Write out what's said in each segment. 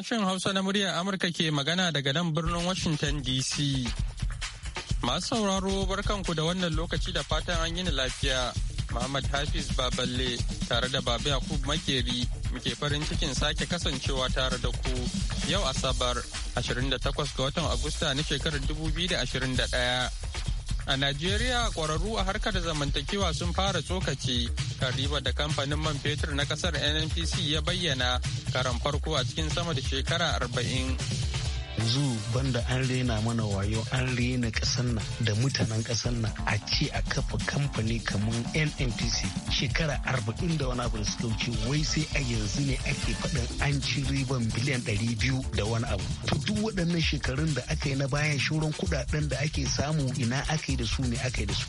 Sashen Hausa na muryar Amurka ke magana daga nan birnin Washington DC. Masu sauraro barkanku da wannan lokaci da fatan an yi lafiya. Muhammad Hafiz Baballe tare da Baba Yakub Makeri muke farin cikin sake kasancewa tare da ku yau Asabar 28 ga watan Agusta na shekarar 2021. A Najeriya ƙwararru a harkar zamantakewa sun fara tsokaci kan riba da kamfanin man fetur na ƙasar NNPC ya bayyana karan farko a cikin sama da shekara arba'in yanzu banda an rena mana wayo an rena kasan nan da mutanen kasan nan a ce a kafa kamfani kamar nnpc shekara arba'in da wani abu da suka wuce wai sai a yanzu ne ake faɗin an ci riban biliyan ɗari biyu da wani abu to duk waɗannan shekarun da aka yi na bayan shuran kuɗaɗen da ake samu ina aka yi da su ne aka yi da su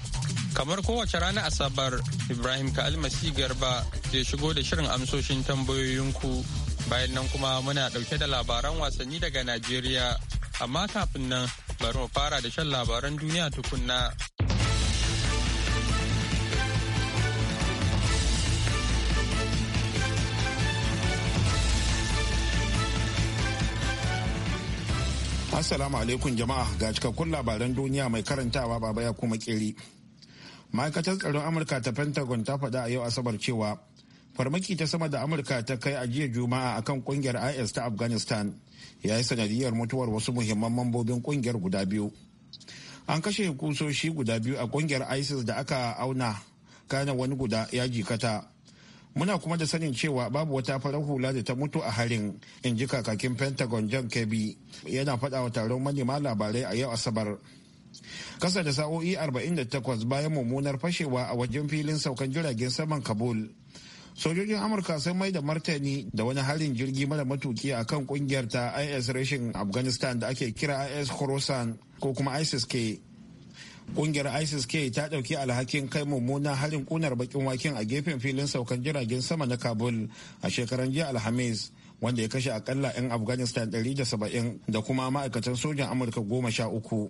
kamar kowace rana asabar ibrahim ka almasi garba zai shigo da shirin amsoshin tambayoyinku Bayan nan kuma muna ɗauke da labaran wasanni daga Najeriya, amma kafin nan bari mu fara da shan labaran duniya tukunna. Assalamu alaikum jama'a ga cikakkun labaran duniya mai karantawa baba ya kuma kiri. Ma'aikatar tsaron Amurka ta Pentagon ta faɗa a yau Asabar cewa farmaki ta sama da amurka ta kai a jiya juma'a akan kungiyar is ta afghanistan ya yi sanadiyar mutuwar wasu muhimman mambobin kungiyar guda biyu an kashe kusoshi guda biyu a kungiyar isis da aka auna kana wani guda ya jikata muna kuma da sanin cewa babu wata farar hula da ta mutu a harin in ji kakakin pentagon john kirby yana faɗa wa taron manema labarai a yau asabar kasa da sa'o'i 48 bayan mummunar fashewa a wajen filin saukan jiragen saman kabul sojojin amurka sun mai da martani da wani harin jirgi mara matuki a kan kungiyar ta is rashin afghanistan da ake kira is khorasan ko kuma isis k kungiyar isis k ta dauki alhakin kai mummunan harin kunar bakin waken a gefen filin saukan jiragen sama na kabul a shekaran jiya alhamis wanda ya kashe akalla 'yan afghanistan 170 da kuma ma'aikatan sojan amurka goma sha uku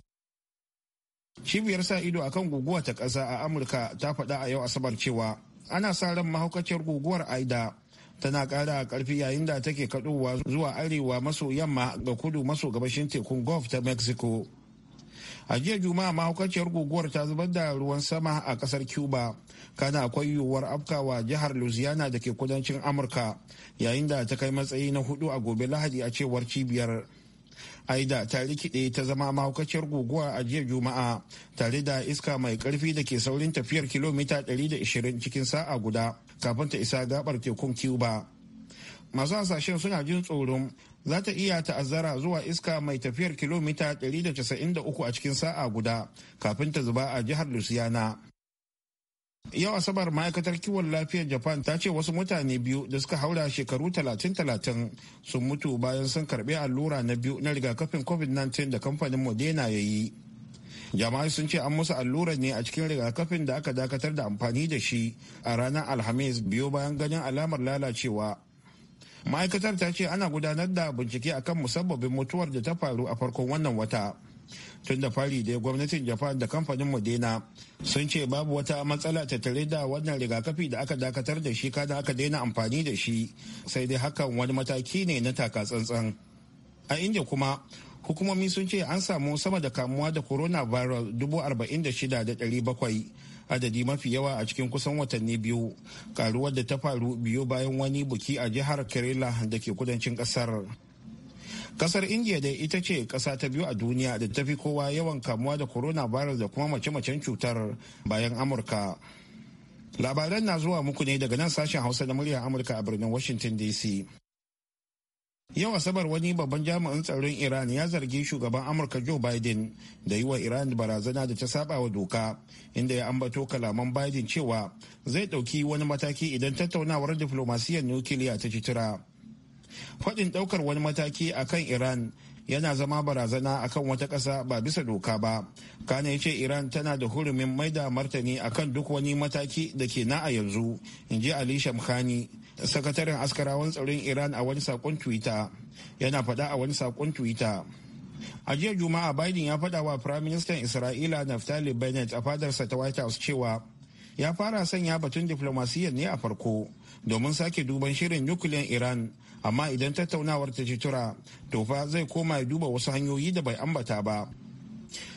cibiyar sa ido akan guguwa ta ƙasa a amurka ta faɗa a yau asabar cewa ana sa ran mahaukaciyar guguwar aida tana ƙara ƙarfi yayin da take kaɗowa zuwa arewa maso yamma ga kudu maso gabashin tekun gulf ta mexico a jiya juma'a mahaukaciyar guguwar ta zubar da ruwan sama a ƙasar cuba kana akwai yiwuwar afkawa jihar louisiana da ke kudancin amurka yayin da ta kai matsayi na hudu a gobe lahadi a cewar cibiyar aida ta rikide ta zama mahaukaciyar guguwa a jiya juma'a tare da iska mai karfi da ke saurin tafiyar kilomita 120 cikin sa'a guda kafin ta isa gabar tekun cuba masu hasashen suna jin tsoron za ta iya ta'azzara zuwa iska mai tafiyar kilomita 193 a cikin sa'a guda kafin ta zuba a jihar lusiyana Yau Asabar ma'aikatar kiwon lafiyar Japan ta ce wasu mutane biyu da suka haura shekaru 30-30 sun mutu bayan sun karbi allura na biyu na rigakafin COVID-19 da kamfanin Modena ya yi. Jama'ai sun ce an musu allurar ne a cikin rigakafin da aka dakatar da amfani da shi a ranar Alhamis biyu bayan ganin alamar lalacewa. Ma'aikatar ta ce ana gudanar da bincike akan musabbabin mutuwar da ta faru a farkon wannan wata. tun da fari dai gwamnatin japan da kamfanin modena sun ce babu wata matsala tattare da wannan rigakafi da aka dakatar da shi kada aka daina amfani da shi sai dai hakan wani mataki ne na taka tsantsan a inda kuma hukumomi sun ce an samu sama da kamuwa da coronavirus 46,700 adadi mafi yawa a cikin kusan watanni biyu karuwar da ta faru biyu bayan wani buki a jihar kerala da ke kudancin kasar kasar india dai ita ce kasa ta biyu a duniya da ta fi kowa yawan kamuwa da corona coronavirus da kuma mace-macen cutar bayan amurka labaran na zuwa muku ne daga nan sashen hausa da muryar amurka a birnin washington dc yau asabar wani babban jami'in tsaron iran ya zargi shugaban amurka joe biden da yi wa iran barazana da ta saba wa doka inda ya ambato kalaman biden cewa zai ɗauki wani mataki idan tattaunawar diflomasiyyar nukiliya ta ci tura faɗin ɗaukar wani mataki a kan iran yana zama barazana a kan wata ƙasa ba bisa doka ba kana ya ce iran tana da hurumin mai da martani a kan duk wani mataki da ke na a yanzu in ji ali shamkhani sakataren askarawan tsaron iran a wani sakon twitter yana faɗa a wani sakon twitter a jiya juma'a biden ya faɗa wa firaministan isra'ila naftali bennett a fadarsa ta white house cewa ya fara sanya batun diplomasiyyar ne a farko domin sake duban shirin nukiliyan iran amma idan tattaunawar ta ci tura to fa zai koma ya duba wasu hanyoyi da bai ambata ba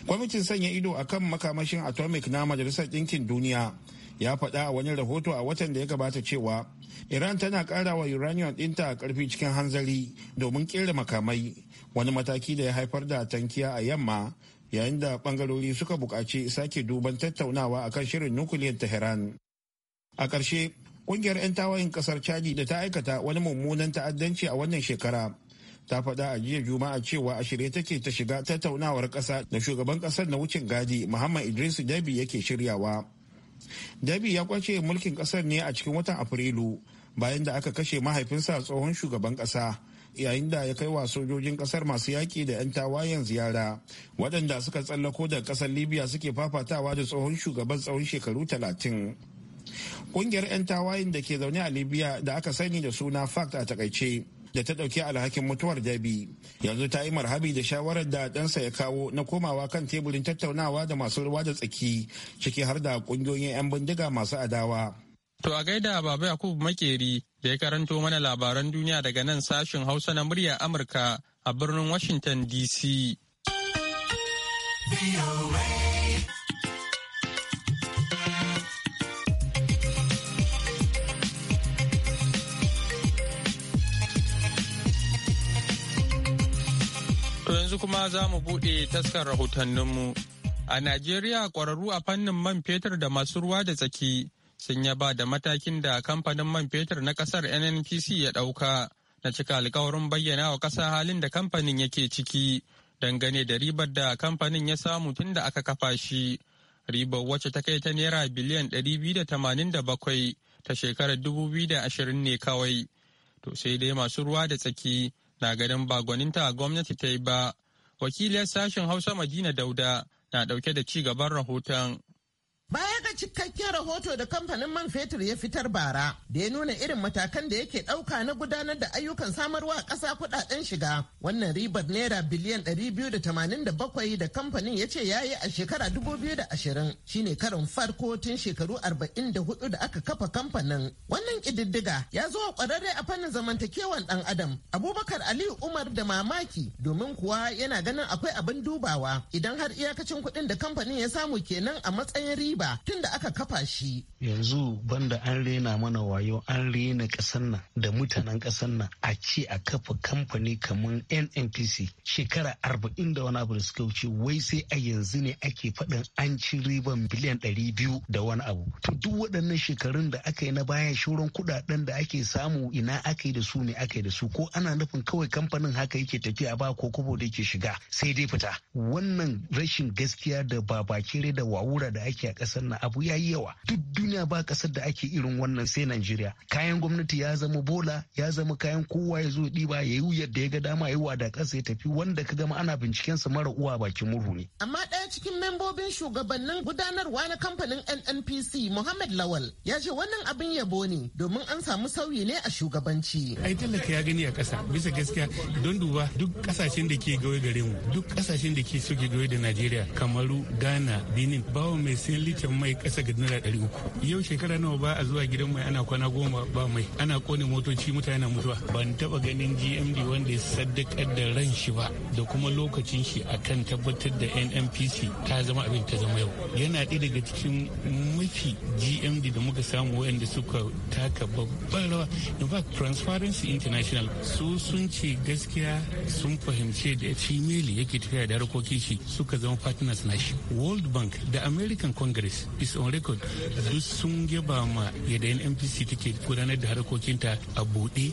kwamitin sanya ido akan makamashin atomic na majalisar ɗinkin duniya ya faɗa a wani rahoto a watan da ya gabata cewa iran tana ƙara wa uranium ɗinta a ƙarfi cikin hanzari domin ƙera makamai wani mataki da ya haifar da tankiya a yamma yayin da bangarori suka buƙaci sake duban tattaunawa akan shirin nukiliyar tehran a ƙarshe Ƙungiyar 'yan tawayin ƙasar Chadi da ta aikata wani mummunan ta'addanci a wannan shekara. Ta faɗa a jiya Juma'a cewa a shirye take ta shiga tattaunawar ƙasa da shugaban ƙasar na wucin gadi Muhammad Idris Dabi yake shiryawa. Dabi ya kwace mulkin ƙasar ne a cikin watan Afrilu bayan da aka kashe mahaifinsa tsohon shugaban ƙasa. yayin da ya kai wa sojojin ƙasar masu yaƙi da 'yan tawayen ziyara waɗanda suka tsallako da ƙasar libya suke fafatawa da tsohon shugaban tsawon shekaru talatin Kungiyar 'yan tawayin da ke zaune a Libya da aka sani da suna FACT a takaice. da ta ɗauki alhakin mutuwar dabi yanzu ta yi marhabi da shawarar da ɗansa ya kawo na komawa kan teburin tattaunawa da masu ruwa da tsaki ciki har da ƙungiyoyin 'yan bindiga masu adawa. To a gaida Baba Yakubu Makeri da ya karanto mana labaran duniya daga nan sashen Hausa na murya Amurka a birnin Washington DC. To yanzu kuma za mu buɗe taskar rahotanninmu. A Najeriya ƙwararru a fannin man fetur da masu ruwa da tsaki sun yaba da matakin da kamfanin man fetur na ƙasar NNPC ya ɗauka na cika alkawarin bayyana wa ƙasa halin da kamfanin yake ciki dangane da ribar da kamfanin ya samu tun da aka kafa shi. Ribar wacce ta kai ta naira biliyan 287 ta shekarar ashirin ne kawai. To sai dai masu ruwa da tsaki na garin ba gwaninta gwamnati ta yi ba wakiliyar sashen hausa madina dauda na dauke da ci gaban rahoton Baya ga cikakken rahoto da kamfanin man fetur ya fitar bara da ya nuna irin matakan da yake ɗauka na gudanar da ayyukan samarwa ƙasa kuɗaɗen shiga wannan ribar naira biliyan 287 da kamfanin ya ce ya yi a shekara 2020 shine karin farko tun shekaru 44 da aka kafa kamfanin. Wannan kididdiga ya zo ƙwararre a fannin zamantakewan ɗan adam Abubakar Aliyu Umar da mamaki domin kuwa yana ganin akwai abin dubawa idan har iyakacin kuɗin da kamfanin ya samu kenan a matsayin riba. riba tun da aka kafa shi. Yanzu banda an rena mana wayo an rena kasan nan da mutanen ƙasar nan a ce a kafa kamfani kamar NNPC shekara arba'in da wani abu da suka wuce wai sai a yanzu ne ake faɗin an ci riban biliyan ɗari biyu da wani abu. To duk waɗannan shekarun da aka yi na baya shoron kuɗaɗen da ake samu ina aka yi da su ne aka yi da su ko ana nufin kawai kamfanin haka yake tafiya ba ko kobo da yake shiga sai dai fita. Wannan rashin gaskiya da babakire da wawura da ake a kasar na abu yayi yawa duk duniya ba kasar da ake irin wannan sai Najeriya kayan gwamnati ya zama bola ya zama kayan kowa ya zo diba ya yi yadda ya ga dama ya wada kasa ya tafi wanda ka gama ana binciken sa mara uwa bakin murhu ne amma ɗaya cikin membobin shugabannin gudanarwa na kamfanin NNPC Muhammad Lawal ya ce wannan abin yabo ne domin an samu sauyi ne a shugabanci ai tallaka ya gani a kasa bisa gaskiya don duba duk kasashen da ke gawai gare mu duk kasashen da ke suke gawai da Najeriya Kamaru Ghana Benin bawo mai sayan litan mai kasa ga naira ɗari uku yau shekara nawa ba a zuwa gidan mai ana kwana goma ba mai ana kone motoci mutane na mutuwa ban taba ganin gmd wanda ya saddakar da ran shi ba da kuma lokacin shi akan tabbatar da nnpc ta zama abin ta zama yau yana ɗaya daga cikin mafi gmd da muka samu waɗanda suka taka babban rawa in fact transparency international su sun ce gaskiya sun fahimce da shi yake tafiya da harkokin shi suka zama partners na shi world bank da american congress Paris is on record duk sun yaba ma yadda NPC take gudanar da harkokinta a buɗe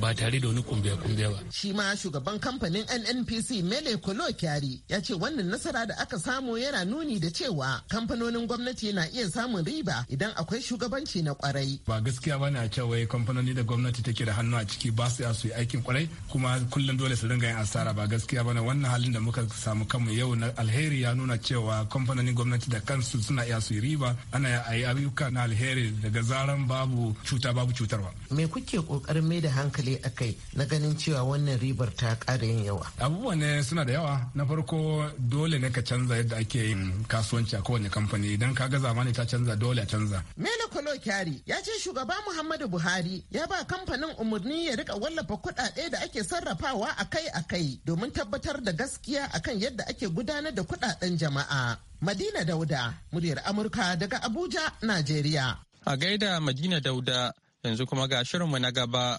ba tare da wani kumbiya-kumbiya ba. Shi ma shugaban kamfanin NNPC Mele Kolo Kyari ya ce wannan nasara da aka samu yana nuni da cewa kamfanonin gwamnati na iya samun riba idan akwai shugabanci na kwarai. Ba gaskiya ba ne a cewa kamfanoni da gwamnati take da hannu a ciki ba su su yi aikin kwarai kuma kullum dole su dinga yin asara ba gaskiya ba ne wannan halin da muka samu kanmu yau na alheri ya nuna cewa kamfanonin gwamnati da kansu suna iya su riba ana ayi ayyuka na alheri daga zaran babu cuta babu cutarwa. Me kuke kokarin mai da hankali akai na ganin cewa wannan ribar ta ƙara yin yawa? Abubuwa ne suna da yawa na farko dole ne ka canza yadda ake yin kasuwanci a kowane kamfani idan ka ga zamani ta canza dole a canza. Mele Kolo Kyari ya ce shugaba Muhammadu Buhari ya ba kamfanin umarni ya rika wallafa kuɗaɗe da ake sarrafawa akai-akai domin tabbatar da gaskiya akan yadda ake gudanar da kuɗaɗen jama'a. Madina Dauda, muryar Amurka daga Abuja, Najeriya. A gaida Madina Dauda, yanzu kuma ga shirinmu na gaba.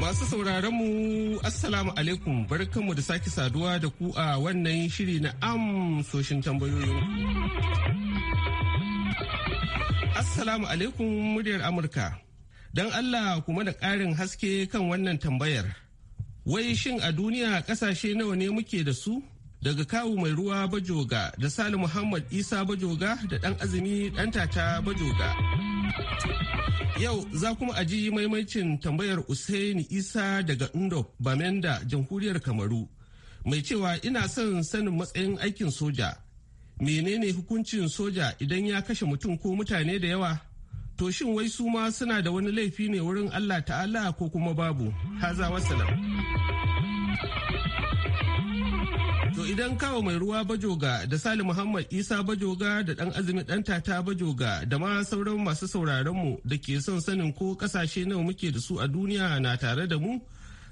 Masu sauraronmu Assalamu alaikum barkanmu da sake saduwa da ku a wannan shiri na amsoshin tambayoyin. Assalamu alaikum muryar Amurka. Don Allah kuma da ƙarin haske kan wannan tambayar. Wai shin a duniya ƙasashe nawa ne muke da su? Daga kawu mai ruwa bajoga da Sali Muhammad Isa bajoga da ɗan azumi ɗan tata bajoga. Yau za kuma aji ji tambayar Usaini Isa daga indo Bamenda jamhuriyar Kamaru. Mai cewa ina son sanin matsayin aikin soja. Menene hukuncin soja idan ya kashe mutum ko mutane da yawa? to shin wai su ma suna da wani laifi ne wurin Allah ta'ala ko kuma babu haza wasalam to idan kawo mai ruwa bajoga da sali muhammad isa bajoga da dan azumi dan tata bajoga da ma sauran masu sauraron mu da ke son sanin ko kasashe nawa muke da su a duniya na tare da mu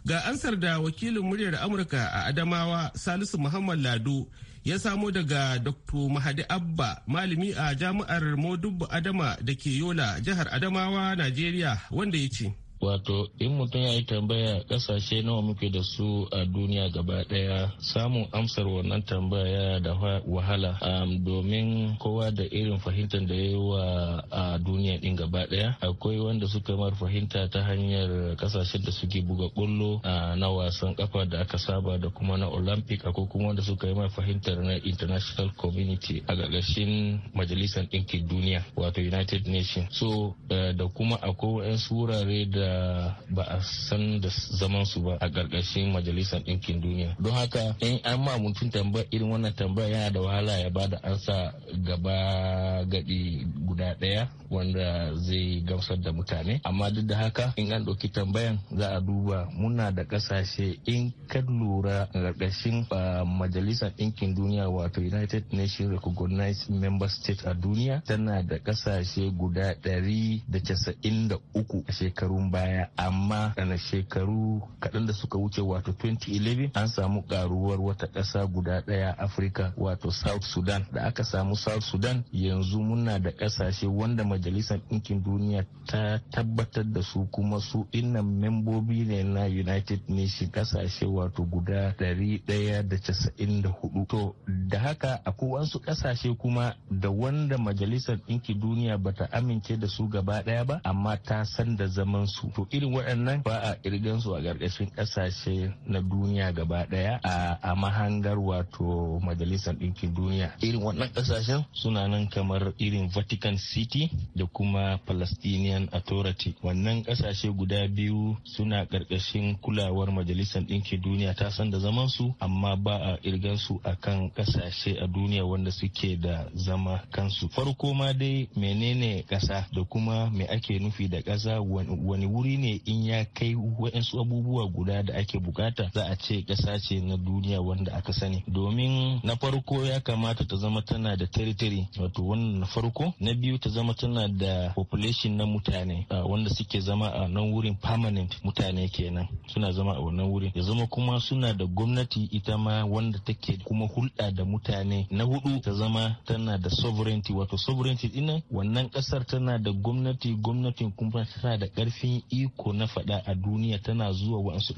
Ga ansar da wakilin muryar Amurka a Adamawa Salisu Muhammad Lado ya samo daga Dr. Mahadi Abba malami a jami'ar modubu Adama da ke Yola jihar Adamawa, Najeriya wanda ya ce. wato in mutum ya yi tambaya kasashe nawa muke da su a duniya gaba daya samun amsar wannan tambaya da wahala um, domin kowa da irin fahimtar da ya yi wa a duniya din gaba daya akwai wanda suka mar fahimta ta hanyar kasashen da suke buga kullo na wasan ƙafa da aka saba da kuma na olympic akwai kuma wanda suka yi mar fahimtar na international community a gargashin majalisar ɗinkin duniya wato united nations so eh, da kuma akwai wasu wurare da da ba a san da zaman su ba a ƙarƙashin majalisar ɗinkin duniya don haka in an ma mutum tambaya irin wannan tambaya yana da wahala ya ba da ansa gaba gadi guda ɗaya wanda zai gamsar da mutane amma duk da haka in an ɗauki tambayan za a duba muna da ƙasashe in ka lura ƙarƙashin majalisar ɗinkin duniya wato united nations recognized member state a duniya tana da ƙasashe guda ɗari da casa'in da uku a shekarun baya amma daga shekaru kaɗan da suka wuce wato 2011 an samu karuwar wata ƙasa guda ɗaya afirka wato south sudan da aka samu south sudan yanzu muna da ƙasashe wanda majalisar ɗinkin duniya ta tabbatar da su kuma su innan membobi ne na united nation ƙasashe wato guda 194 to da haka akwai wasu ƙasashe kuma da wanda majalisar ɗinkin duniya bata amince da su gaba ɗaya ba amma ta san da zaman su to irin waɗannan ba a kirgan su a ƙarƙashin ƙasashe na duniya gaba ɗaya a mahangar wato majalisar ɗinkin duniya irin waɗannan ƙasashen suna nan kamar irin vatican city da kuma palestinian authority wannan ƙasashe guda biyu suna ƙarƙashin kulawar majalisar ɗinkin duniya ta san da zaman su amma ba a kirgan su kan ƙasashe a duniya wanda suke da zama kansu farko ma dai menene ƙasa da kuma me ake nufi da ƙasa wani wuri ne in ya kai waɗansu abubuwa guda da ake bukata za a ce ƙasa ce na duniya wanda aka sani domin na farko ya kamata ta zama tana da territory wato wannan na farko na biyu ta zama tana da population na mutane wanda suke zama a nan wurin permanent mutane kenan suna zama a wannan wurin ya zama kuma suna da gwamnati ita ma wanda take kuma hulɗa da mutane na hudu ta zama tana da sovereignty wato sovereignty ɗin wannan ƙasar tana da gwamnati gwamnatin kuma tana da ƙarfin iko na faɗa a duniya tana zuwa wasu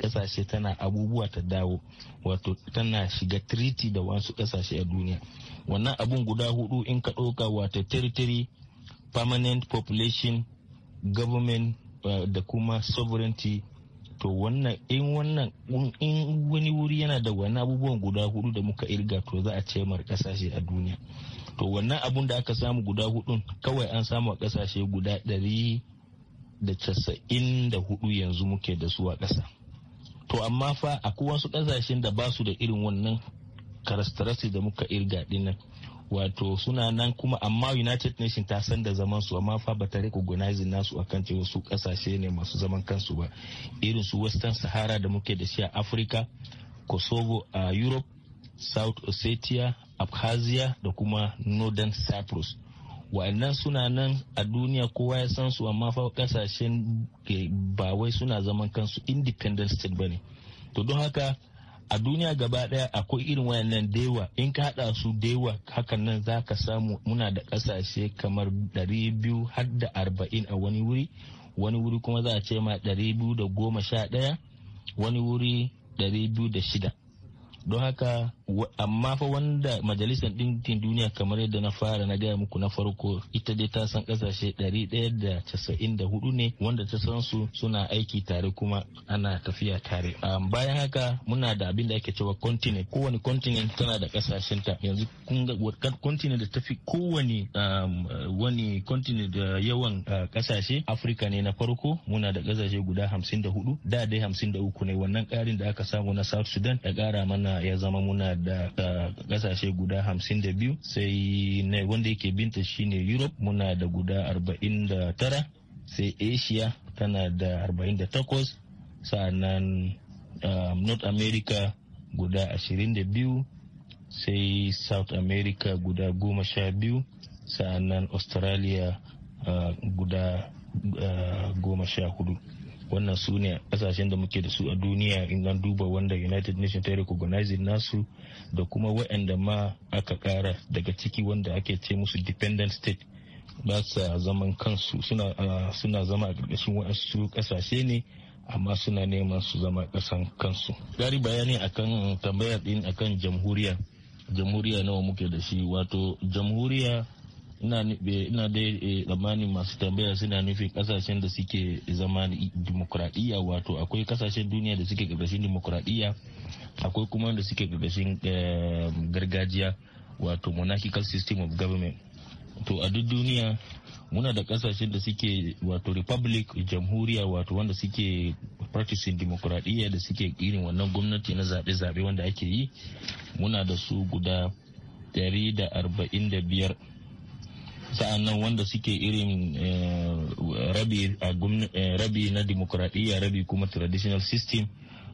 ƙasashe tana abubuwa ta dawo wato tana shiga triti da wasu ƙasashe a duniya wannan abun guda hudu in ka ɗauka wato territory permanent population government eh, da kuma sovereignty to wannan in wannan in wani wuri yana da wani abubuwan guda hudu da muka irga to za a ce mar kasashe a duniya to wannan abun da aka samu guda hudun kawai an samu a kasashe guda ɗari da casa'in da hudu yanzu muke da su a ƙasa to amma fa akwai wasu ƙasashen da ba su da irin wannan karastarasi da muka irga dinnan wato suna nan kuma amma united nations ta san da zaman su amma fa ba ta recognize nasu akan cewa su kasashe ne masu zaman kansu ba irin su western sahara da muke da shi a africa kosovo a europe south ossetia abkhazia da kuma northern cyprus wa'annan suna nan a duniya kowa ya san su amma fa kasashen ba wai suna zaman kansu independent state ne to don haka a duniya gaba daya akwai irin wayannan dewa in ka hada su dewa hakan nan za ka samu muna da kasashe kamar 200 har da 40 a wani wuri wani wuri kuma za a ce ma 211 wani wuri 206 don haka amma fa wanda majalisar ɗinkin duniya kamar yadda na fara na gaya muku na farko ita dai ta san ƙasashe 194 ne wanda ta san su suna aiki tare kuma ana tafiya tare um, bayan haka muna da abin da ake cewa continent kowane continent tana da ƙasashen ta yanzu kun ga continent da tafi kowane um, wani continent da yawan ƙasashe afirka ne na farko muna da ƙasashe guda 54 da dai 53 ne wannan ƙarin da aka samu na south sudan da ƙara mana muna ya zama muna da kasashe uh, guda hamsin da biyu sai na wanda yake binta shine europe muna da guda arba'in da tara sai asia tana da arba'in da takwas sa'annan uh, north america guda ashirin da biyu sai south america guda goma sha biyu sa'annan australia uh, guda goma sha hudu wannan su ne kasashen da muke da su a duniya in an duba wanda united nations ta recognize nasu da kuma waɗanda ma aka kara daga ciki wanda ake ce musu dependent state ba sa zaman kansu suna zama a ƙarƙashin wasu ƙasashe ne amma suna neman su zama ƙasan kansu gari bayani akan tambayar din akan jamhuriya jamhuriya nawa muke da shi wato jamhuriya ina dai eh, tsammanin masu tambaya suna nufin kasashen da suke zama dimokuraɗiyya wato akwai kasashen duniya da suke gabashin dimokuraɗiyya akwai kuma da suke gabashin eh, gargajiya wato monarchical system of government to a duk duniya muna da kasashen da suke wato republic jamhuriya wato wanda suke practicing demokuraɗiyya da suke irin wannan gwamnati na zaɓe-zaɓe wanda ake yi muna da su guda 145 sa'annan wanda suke irin eh, eh, rabi na dimokuraɗiyya rabi kuma traditional system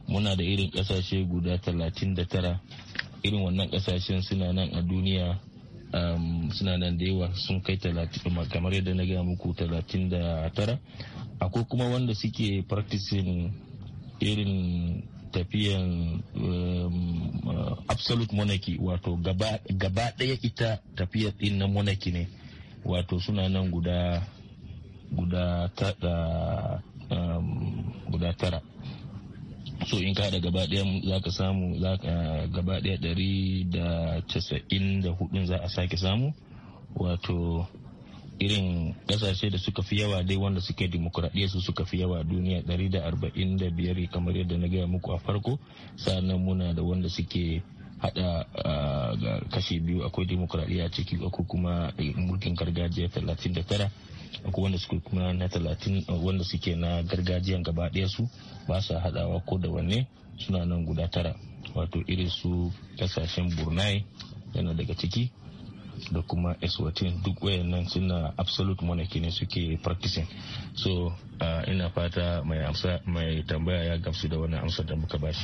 muna da irin ƙasashe guda 39 irin wannan ƙasashen suna nan a duniya um, suna nan da yawa sun kai kamar yadda na gaya muku 39 akwai kuma wanda suke practicing irin tafiyan um, uh, absolute monarchy wato gaba ɗaya ita tafiyar ɗin na monarchy ne wato suna nan guda guda um, guda tara so in ka da gaba ɗaya za ka samu gaba ɗaya ɗari da casa'in da hudun za a sake samu wato irin ƙasashe da suka fi yawa dai wanda suke dimokuraɗiyya su suka fi yawa duniya ɗari da arba'in da biyar kamar yadda na gaya muku a farko sa'annan muna da wanda suke hada ah, kashe biyu akwai demokradiyya ciki ko kuma mulkin gargajiya 39 akwai wanda suke na 30 ah, wanda suke na gargajiyan gaba daya su ba su hadawa ko da wanne suna nan guda tara wato irin su kasashen burnai yana daga ciki da kuma eswatin duk wayannan suna absolute monarchy ne suke practicing so uh, ina fata mai tambaya ya gamsu da wannan amsa da muka bashi.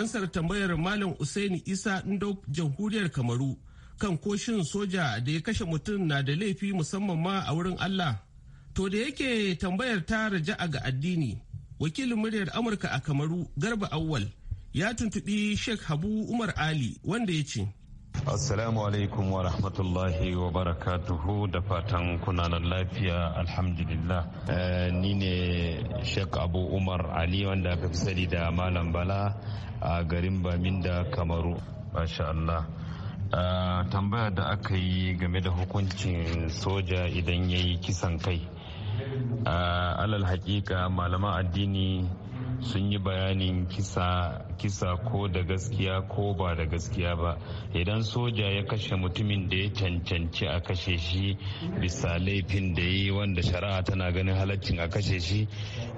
ansar tambayar Malam Usaini Isa ndo jamhuriyar Kamaru kan koshin soja da ya kashe mutum na da laifi musamman ma a wurin Allah. To da yake tambayar ta raja'a ga addini, wakilin muryar Amurka a Kamaru Garba Awwal ya tuntubi Sheikh Habu Umar Ali wanda ya ce. Assalamu alaikum wa rahmatullahi wa barakatuhu da fatan kunanan lafiya alhamdulillah. Eh, ni ne Sheikh Abu Umar Ali wanda aka fi sani da Malam Bala a garin Baminda Kamaru. Masha Allah. Eh, tambaya da aka yi game da hukuncin soja idan ya yi kisan kai. Eh, alal hakika malaman addini sun yi bayanin kisa ko da gaskiya ko ba da gaskiya ba idan soja ya kashe mutumin da ya cancanci a kashe shi bisa laifin da yi wanda shari'a tana ganin halaccin a kashe shi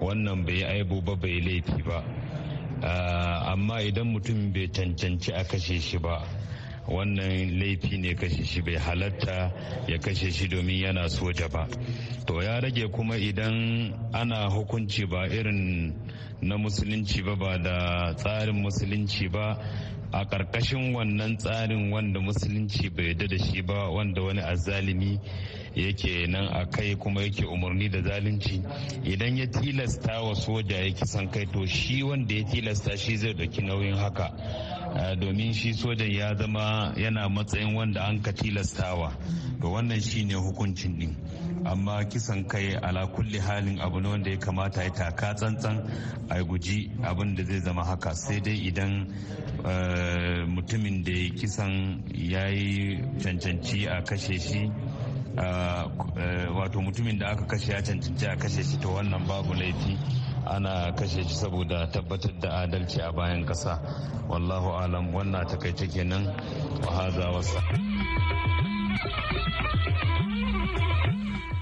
wannan bai aibu ba bai laifi ba ah, amma idan mutum bai cancanci a kashe shi ba wannan laifi ne kashe shi bai halatta ya kashe shi domin yana soja ba to ya rage kuma idan ana hukunci ba irin na musulunci ba ba da tsarin musulunci ba a karkashin wannan tsarin wanda musulunci bai yarda da shi ba wanda wani azalimi yake nan a kai kuma yake umarni da zalunci idan ya tilasta wa soja ya kisan kai to shi wanda ya tilasta shi zai ɗauki nauyin haka domin shi sojan ya zama yana matsayin wanda an ka tilastawa to wannan shi ne hukuncin din amma kisan kai ala kulli halin abu ne wanda ya kamata ya taka tsantsan a guji abin da zai zama haka sai dai idan eh, mutumin da ya kisan ya yi cancanci a kashe shi eh, wato mutumin da aka kashe ya cancanci a kashe shi to wannan babu laifi ana kashe shi saboda tabbatar da adalci a bayan kasa wallahu alam wannan takaice kenan wa haza wasa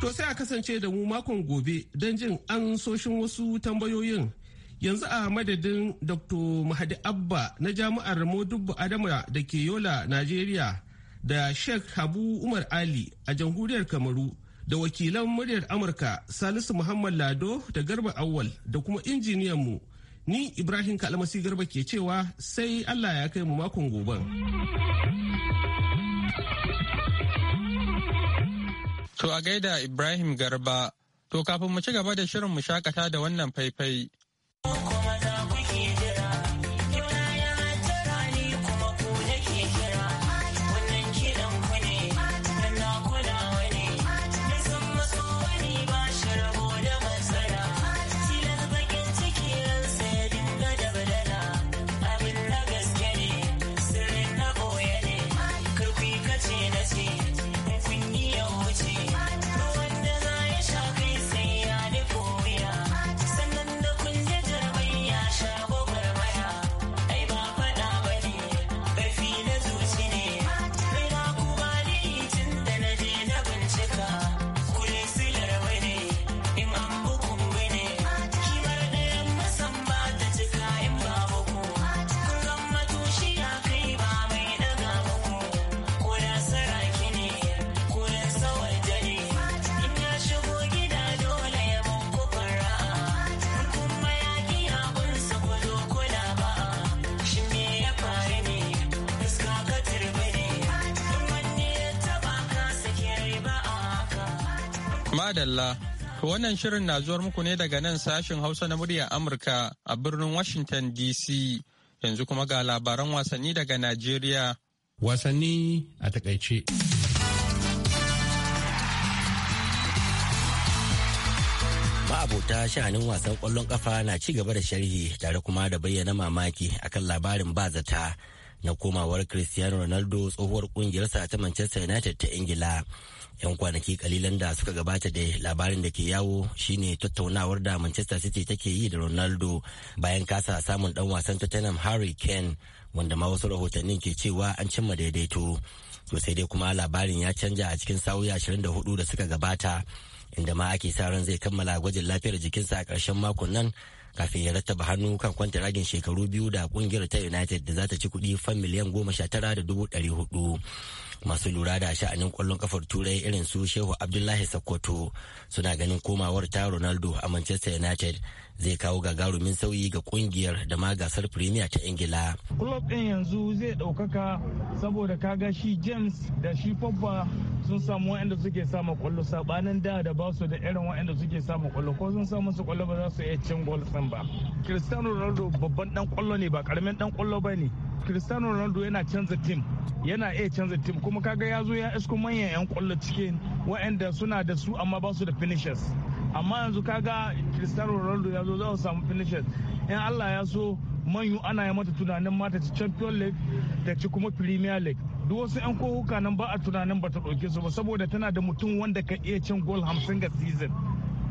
To sai a kasance da mu makon gobe don jin an soshin wasu tambayoyin. Yanzu a madadin Dr. Mahadi Abba na Jami'ar Modubu Adama da ke Yola, Najeriya da Sheikh Habu Umar Ali a jamhuriyar Kamaru da wakilan muryar Amurka Salisu Muhammad Lado da Garba Awal da kuma mu ni Ibrahim Kalmasi Garba ke cewa sai Allah ya kai mu makon goben. To a gaida Ibrahim Garba, to kafin mu ci gaba da shirin mu shakata da wannan faifai. Madalla, to wannan shirin na zuwar muku ne daga nan sashin Hausa na murya Amurka a birnin Washington DC. Yanzu kuma ga labaran wasanni daga Najeriya. Wasanni a takaice. Ma'abota sha'anin wasan kwallon kafa na ci gaba da sharhi tare kuma da bayyana mamaki akan labarin ba zata na komawar Cristiano Ronaldo tsohuwar ƙungiyarsa ta Manchester United ta Ingila. 'yan kwanaki kalilan da suka gabata da labarin da ke yawo shine tattaunawar da manchester city take yi da ronaldo bayan kasa samun dan wasan tottenham harry kane wanda ma wasu rahotannin ke cewa an cimma daidaito to sai dai kuma labarin ya canja a cikin sa'o'i 24 da suka gabata inda ma ake sa ran zai kammala gwajin lafiyar jikinsa a ƙarshen makon nan kafin ya rattaba hannu kan kwanta ragin shekaru biyu da kungiyar ta united da za ta ci kuɗi fan miliyan goma sha tara da dubu ɗari hudu masu lura da sha'anin kwallon kafar turai irin su shehu abdullahi sakkwato suna ganin komawar ta ronaldo a manchester united zai kawo gagarumin sauyi ga kungiyar da ma gasar premier ta ingila club din yanzu zai ɗaukaka saboda kaga shi james da shi pogba sun samu wa'anda suke samu kwallo sabanin da da ba su da irin wa'anda suke samu kwallo ko sun samu su kwallo ba za su iya cin gol san ba cristiano ronaldo babban dan kwallo ne ba karamin dan kwallo ba ne cristiano ronaldo yana canza tim yana iya canza tim kuma kaga ya zo ya isko manyan yan kwallo cikin wa'anda suna da su amma ba su da finishers amma yanzu kaga cristiano ronaldo ya zo za a samu finishes in allah ya so manyu ana yi mata tunanin mata ci champion league da ci kuma premier league duk wasu 'yan kohuka nan ba a tunanin ba ta ɗauke su ba saboda tana da mutum wanda ka iya cin gol hamsin ga season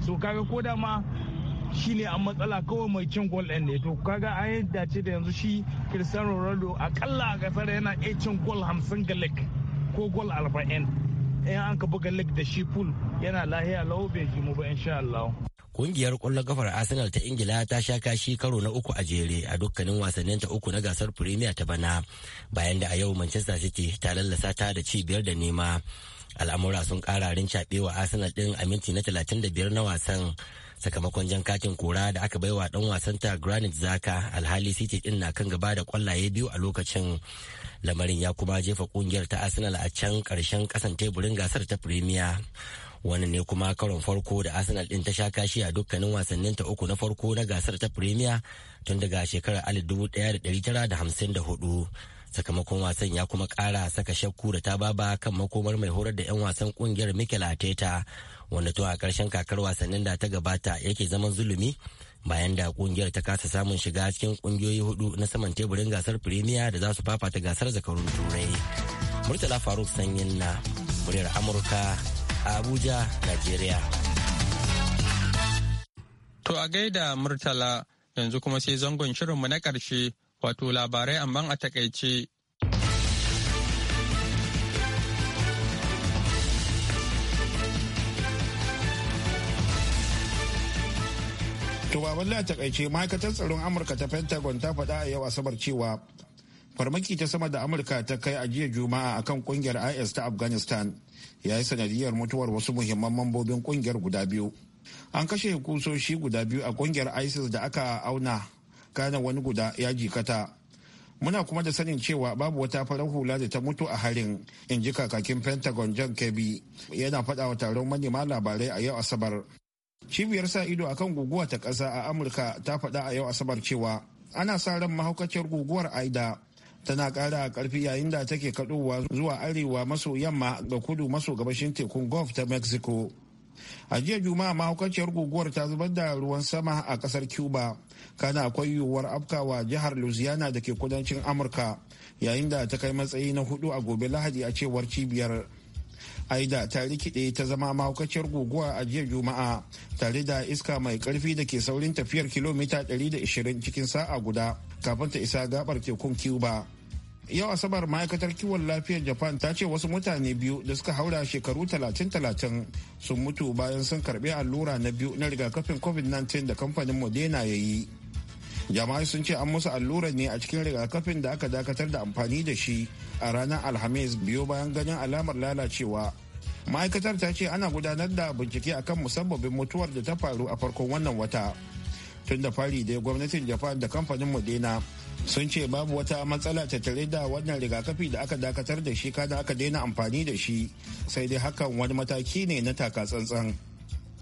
so kaga ko da ma shi ne a matsala kawai mai cin gol ɗin ne to kaga an yi dace da yanzu shi cristiano ronaldo akalla a gasar yana iya cin gol hamsin ga league ko gol arba'in in an ka buga lig da shi pool yana lahiya lau bai ji mu ba insha Allah Kungiyar ƙwallon kafar Arsenal ta Ingila ta sha kashi karo na uku a jere a dukkanin wasanninta uku na gasar Premier ta bana bayan da a yau Manchester City ta lallasa ta da ci biyar da nema. Al'amura sun ƙara rincaɓewa Arsenal ɗin a minti na 35 na wasan. sakamakon jan katin kora da aka bai wa ɗan wasan ta granit zaka alhali city din na kan gaba da kwallaye biyu a lokacin lamarin ya kuma jefa kungiyar ta arsenal a can karshen kasan teburin gasar ta premier wannan ne kuma karon farko da arsenal din ta sha kashi a dukkanin wasannin ta uku na farko na gasar ta premier tun daga shekarar hudu sakamakon wasan ya kuma kara saka shakku da ta baba kan makomar mai horar da 'yan wasan kungiyar mikel ateta wanda tun a karshen kakar wasannin da ta gabata yake zaman zulumi bayan da kungiyar ta kasa samun shiga cikin kungiyoyi hudu na saman teburin gasar premier da za su fafata gasar zakarun turai murtala faruk sanyin na muryar amurka a Abuja, Najeriya. To a gaida Murtala yanzu kuma sai zangon shirinmu na ƙarshe wato labarai amman a takaice. To a takaice ma'aikatar tsaron Amurka ta Pentagon ta faɗa a yau Asabar cewa farmaki ta sama da amurka ta kai a jiya juma'a akan kungiyar is ta afghanistan ya yi sanadiyar mutuwar wasu muhimman mambobin kungiyar guda biyu an kashe kusoshi guda biyu a kungiyar isis da aka auna kana wani guda ya jikata muna kuma da sanin cewa babu wata farar hula da ta mutu a harin in ji kakakin pentagon john kirby yana faɗa wa taron manema labarai a yau asabar cibiyar sa ido akan guguwa ta ƙasa a amurka ta faɗa a yau asabar cewa ana sa ran mahaukaciyar guguwar aida tana ƙara ƙarfi yayin da take kaɗowa zuwa arewa maso yamma ga kudu maso gabashin tekun gulf ta mexico a jiya juma'a mahaukaciyar guguwar ta zubar da ruwan sama a kasar cuba kana akwai yiwuwar afkawa jihar louisiana da ke kudancin amurka yayin da ta kai matsayi na hudu a gobe lahadi a cewar cibiyar aida ta rikide ta zama mahaukaciyar guguwa a jiya juma'a tare da iska mai karfi da ke saurin tafiyar kilomita 120 cikin sa'a guda kafin ta isa gabar tekun cuba yau asabar ma'aikatar kiwon lafiyar japan ta ce wasu mutane biyu da suka haura shekaru 30-30 sun mutu bayan sun karbi allura na biyu na rigakafin covid-19 da kamfanin modena ya yi jama'ai sun ce an musu allurar ne a cikin rigakafin da aka dakatar da amfani da shi a ranar alhamis biyo bayan ganin alamar lalacewa ma'aikatar ta ce ana gudanar da bincike akan musabbabin mutuwar da ta faru a farkon wannan wata tun da fari da gwamnatin japan da kamfanin modena sun ce babu wata matsala tattare da wannan rigakafi da aka dakatar da shi kada aka daina amfani da shi sai dai hakan wani mataki ne na taka tsantsan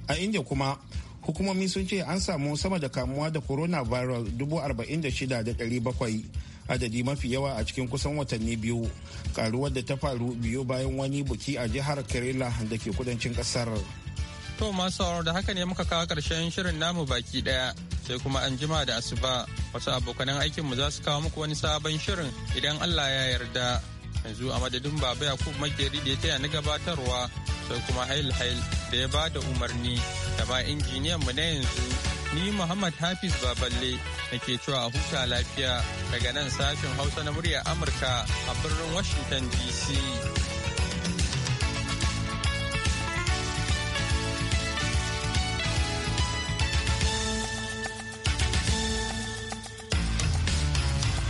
a inda kuma hukumomi sun ce an samu sama da kamuwa da coronavirus 46,700 adadi mafi yawa a cikin kusan watanni biyu karuwar da ta faru biyu bayan wani buki a jihar kerala da ke kudancin kasar to masu sauraro da haka ne muka kawo karshen shirin namu baki daya sai kuma an jima da asuba wasu abokanan aikinmu za su kawo muku wani sabon shirin idan allah ya yarda yanzu a madadin baba yakub makeri da ya taya ni gabatarwa sai kuma hail hail da ya ba da umarni da ba injiniyan mu na yanzu Ni Muhammad Hafiz Baballe nake cewa a huta lafiya daga nan sashen Hausa na murya Amurka a birnin Washington DC.